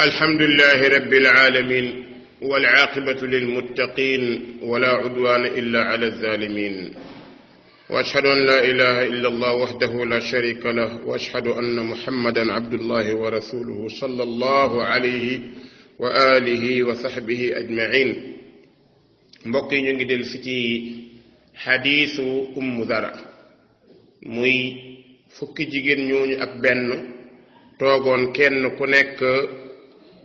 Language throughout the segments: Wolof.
الحمد لله رب العالمين والعاقبة للمتقين ولا عدوان إلا على الظالمين وأشهد أن لا إله إلا الله وحده لا شريك له وأشهد أن محمدا عبد الله ورسوله صلى الله عليه وآله وصحبه أجمعين mbokki ñu الفتي حديث أم ذرع مي ummu dara muy أكبن jigéen كن كنك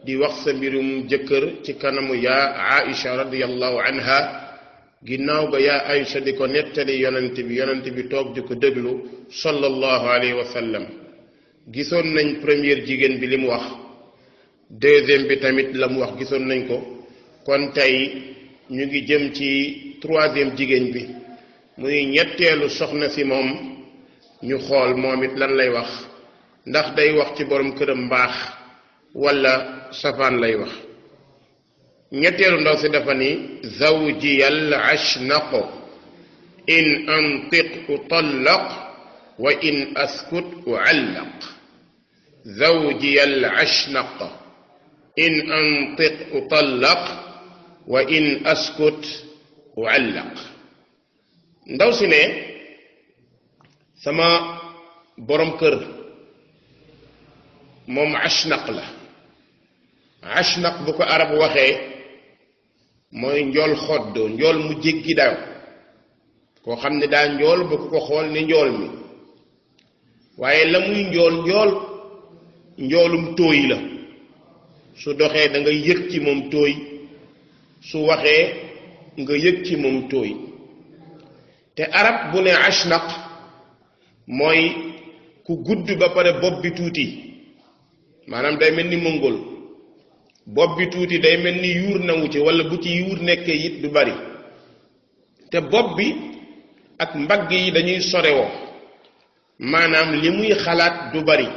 di wax sa mbirum jëkkër ci kanamu yaa aisha radiallahu anha ginnaaw ba yaa aisha di ko nettali yonent bi yonent bi toog di ko déglu sallallahu alayhi wa sallam gisoon nañ premier jigéen bi lim wax deuxième bi tamit lam wax gisoon nañ ko kon tey ñu ngi jëm ci troisième jigéen bi muy ñetteelu soxna si moom ñu xool moom it lan lay wax ndax day wax ci borom këram mbaax ولا سفان لا يوخ نيتيرو ندو سي دافا زوجي العشنق ان انطق اطلق وان اسكت اعلق زوجي العشنق ان انطق اطلق وان اسكت اعلق ndaw si ne sama borom kër moom ashnaq la ashnaq bu ko arab waxee mooy njool xodd njool mu jéggi dayo koo xam ne daa njool ba ku ko xool ne njool mi waaye la muy njool njool njoolum tóoy la su doxee da nga yëg ci moom tóoy su waxee nga yëg ci moom tóoy te arab bu ne ashnaq mooy ku gudd ba pare bopp bi tuuti maanaam day mel ni mongol bopp bi tuuti day mel ni yuur nangu ci wala bu ci yuur nekkee it du bari te bopp bi ak mbagg yi dañuy sorewoo maanaam li muy xalaat du bari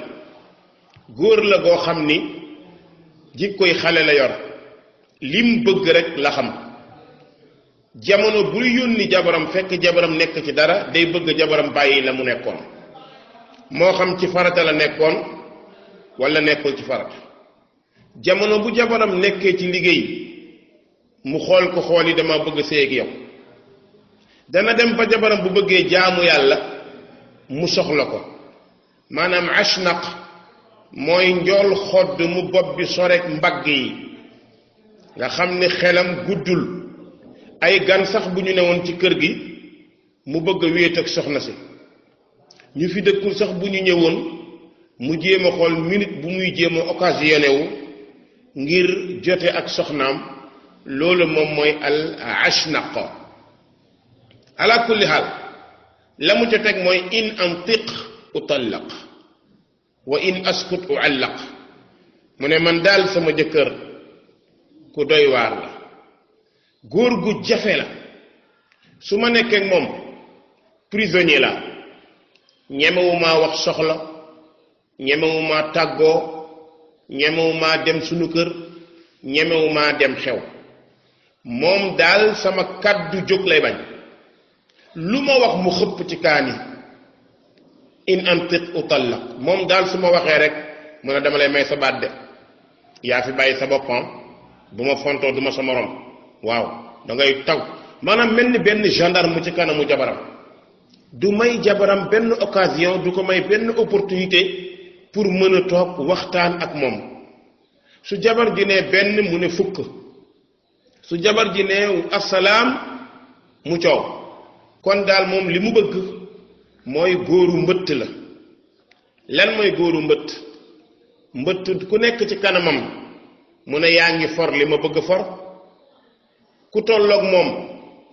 góor la goo xam ni koy xale la yor lim bëgg rekk la xam jamono buy yónni jabaram fekk jabaram nekk ci dara day bëgg jabaram bàyyi la mu nekkoon moo xam ci farata la nekkoon wala nekkul ci farata jamono bu jabaram nekkee ci liggéey mu xool ko xool yi dama bëgg séy yow dana dem ba jabaram bu bëggee jaamu yàlla mu soxla ko maanaam ashnaq mooy njool xodd mu bopp bi sorek mbagg yi nga xam ni xelam guddul ay gan sax bu ñu newoon ci kër gi mu bëgg a wéet ak soxna si ñu fi dëkkul sax bu ñu ñëwoon mu jéem a xool minute bu muy jéema a occasionné ngir jote ak soxnam loolu moom mooy al ashnaq ala kulli hal la mu ca teg mooy in antiq utallaq wa in askut uallaq mu ne man daal sama jëkkër ku doy waar la góor gu jafe la su ma nekkee ak moom prisonnier la ñemewumaa wax soxla ñemewumaa tàggoo ñemewu maa dem sunu kër ñemewu maa dem xew moom daal sama kàddu jóg lay bañ lu ma wax mu xëpp ci kaani in antiq la moom daal su ma waxee rek mu a dama lay may sa baat de yaa fi bàyyi sa boppam ah? bu ma fontoo duma sa morom waaw dangay taw maanaam mel ni benn gendarme ci kanamu jabaram du may jabaram benn occasion du ko may benn opportunité pour mën a toog waxtaan ak moom su jabar ji ne benn mu ne fukk su jabar ji nee asalaam mu coow kon daal moom li mu bëgg mooy góoru mbëtt la lan mooy góoru mbëtt mbëtt ku nekk ci kanamam mu ne yaa ngi for li ma bëgg for ku tolloog moom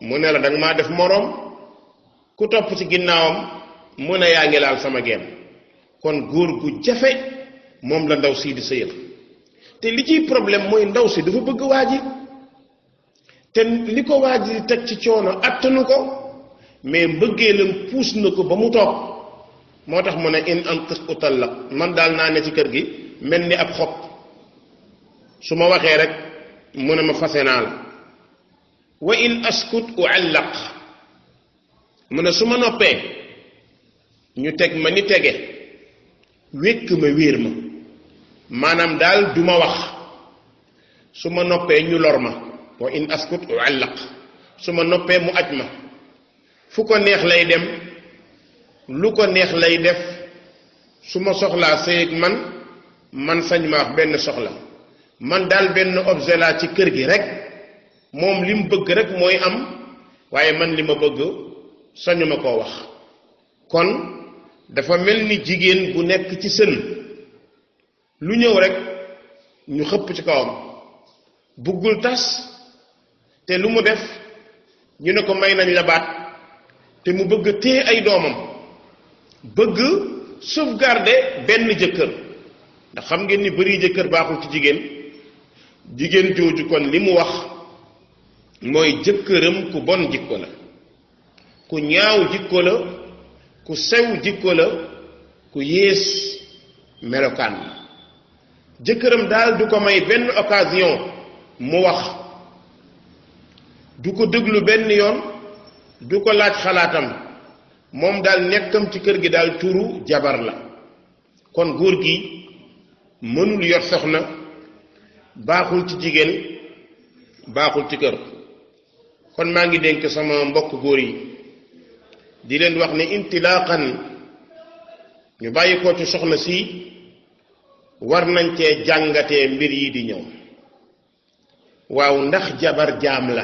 mu ne la danga maa def moroom ku topp ci ginnaawam mu ne yaa ngi laal sama geen kon góor gu jafe moom la ndaw sii di sëyal te li ciy problème mooy ndaw si dafa bëgg waa ji te li ko waa ji teg ci coono attanu ko mais mbëggeelam puus na ko ba mu toog moo tax mu ne in antiq utallaq man daal naa ne ci kër gi mel ni ab xob su ma waxee rek mu ne ma fase naa la wa in askut uallaq mu ne su ma noppee ñu teg ma ni tege wékk ma wéer ma maanaam daal duma wax su ma noppee ñu lor ma wa in askut uallaq su ma noppee mu aj ma fu ko neex lay dem lu ko neex lay def su ma soxlaa sëyeeg man man sañ ma wax benn soxla man daal benn objet ci kër gi rek moom li bëgg rek mooy am waaye man li ma bëgg sañu ma koo wax kon dafa mel ni jigéen bu nekk ci sën lu ñëw rekk ñu xëpp ci kawam buggul tas te lu mu def ñu ne ko may nañ la baat te mu bëgg téye ay doomam bëgg sauvegarder benn jëkkër ndax xam ngeen ni bari jëkkër baaxul ci jigéen jigéen jooju kon li mu wax mooy jëkkëram ku bon jikko la ku ñaaw jikko la ku sew jikko la ku yées melokaan la jëkkëram daal du ko may benn occasion mu wax du ko déglu benn yoon du ko laaj xalaatam moom daal nekkam ci kër gi daal turu jabar la kon góor gi mënul yor soxna baaxul ci jigéen baaxul ci kër kon maa ngi denk sama mbokk góor yi di leen wax ne intilaqan ñu bàyyi ko ci soxna si war nañ cee jàngatee mbir yi di ñëw waaw ndax jabar jaam la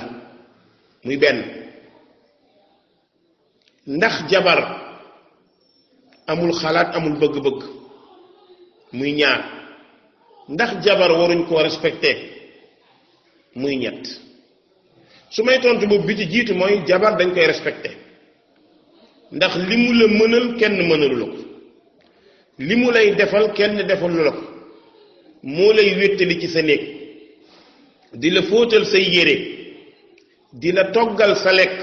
muy benn ndax jabar amul xalaat amul bëgg-bëgg muy ñaar ndax jabar waruñ koo respecté muy ñett su may tontu bu bi ci jiitu mooy jabar dañ koy respecté ndax li mu la mënal kenn mënalu la ko li mu lay defal kenn defalu la ko moo lay wéttali ci sa néeg di la fóotal say yére di la toggal sa lekk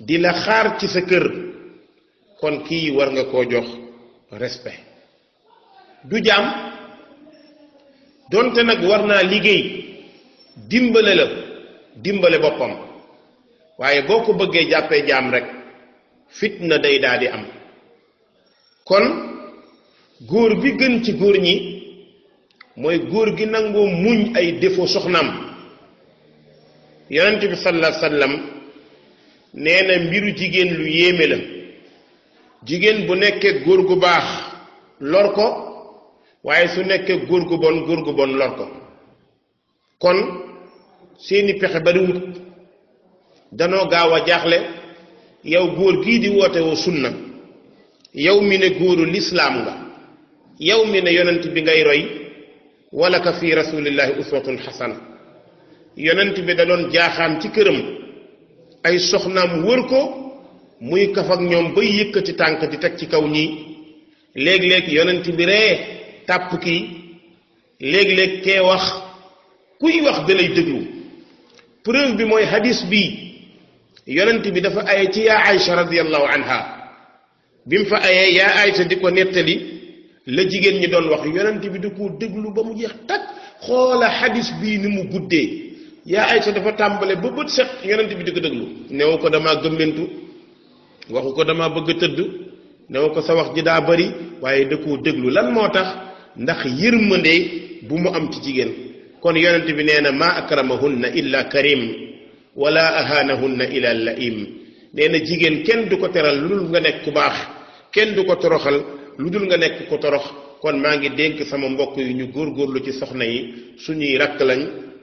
di la xaar ci sa kër kon kii war nga koo jox respe du jaam donte nag war naa liggéey dimbale la dimbale boppam waaye boo ko bëggee jàppee jaam rek fitna day daal di am kon góor bi gën ci góor ñi mooy góor gi nangoo muñ ay défaut soxnaam yonent bi sallallahu alayhi wasallam mbiru jigéen lu yéeme la jigéen bu nekkee góor gu baax lor ko waaye su nekkee góor gu bon góor gu bon lor ko kon seeni pexe bariwut danoo gaaw a jaaxle yow góor gii di woote woo sunna yow mi ne góoru lislaam nga yow mi ne yonent bi ngay roy wala ka fi rasulillahi uswatun xasana yonent bi da doon jaaxaan ci këram ay soxnaam wër ko muy kaf ak ñoom bay yëkkati tànk di teg ci kaw ñii léeg-léeg yonent bi ree tàpp ki léeg-léeg kee wax kuy wax da lay déglu bi mooy hadis bi yonent bi dafa aye ci yaa Aïcha radiyallahu anha bi mu fa ayee yaa Aïcha di ko nettali la jigéen ñi doon wax yonent bi di ko déglu ba mu jeex takk xoola xadis bii ni mu guddee yaa Aïcha dafa tàmbale ba bët set yonent bi di ko déglu new ko damaa gëmmentu waxu ko dama bëgg a tëdd neewu ko sa wax ji daa bari waaye da koo déglu lan moo tax ndax yërmande bu mu am ci jigéen kon yonent bi nee na maa akramahunna illa karim wala ahanahunna ila laim nee na jigéen kenn du ko teral lu dul nga nekk ku baax kenn du ko toroxal lu dul nga nekk ku torox kon maa ngi dénk sama mbokk yi ñu góorgóorlu ci soxna yi suñuy rakk lañ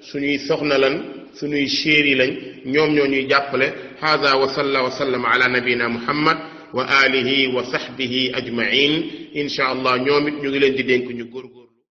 suñuy soxna lañ suñuy chéri lañ ñoom ñoo ñuy jàppale hada wa salla wa sallama ala nabina muhammad wa alihi wa sahbihi ajmain insha allah ñoom it ñu ngi leen di dénk ñu góorgóorlu